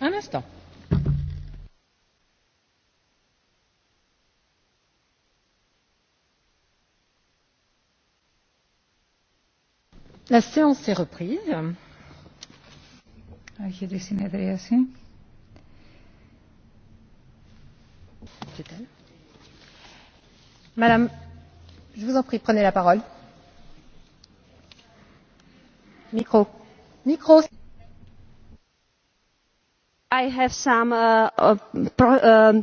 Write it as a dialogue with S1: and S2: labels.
S1: Un instant.
S2: La séance est reprise.
S1: Madame, je vous en prie, prenez la parole. Micro. Micro.
S3: I have some uh, uh,